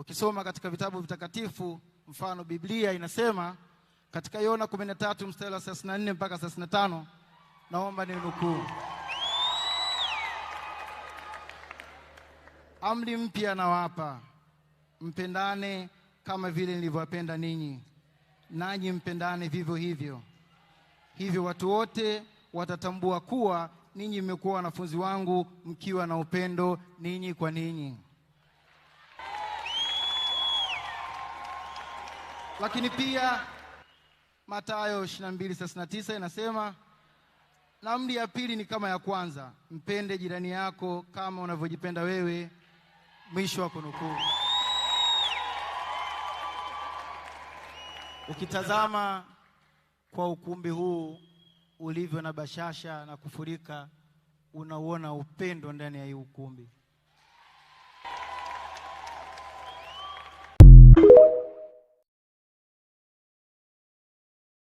Ukisoma katika vitabu vitakatifu, mfano Biblia inasema katika Yona 13 mstari wa 34 mpaka 35, naomba ninukuu: amri mpya nawapa, mpendane kama vile nilivyowapenda ninyi, nanyi mpendane vivyo hivyo. Hivyo watu wote watatambua kuwa ninyi mmekuwa wanafunzi wangu mkiwa na upendo ninyi kwa ninyi. Lakini pia Mathayo 22:39 inasema na amri ya pili ni kama ya kwanza, mpende jirani yako kama unavyojipenda wewe. Mwisho wa kunukuu. Ukitazama kwa ukumbi huu ulivyo na bashasha na kufurika, unauona upendo ndani ya hii ukumbi.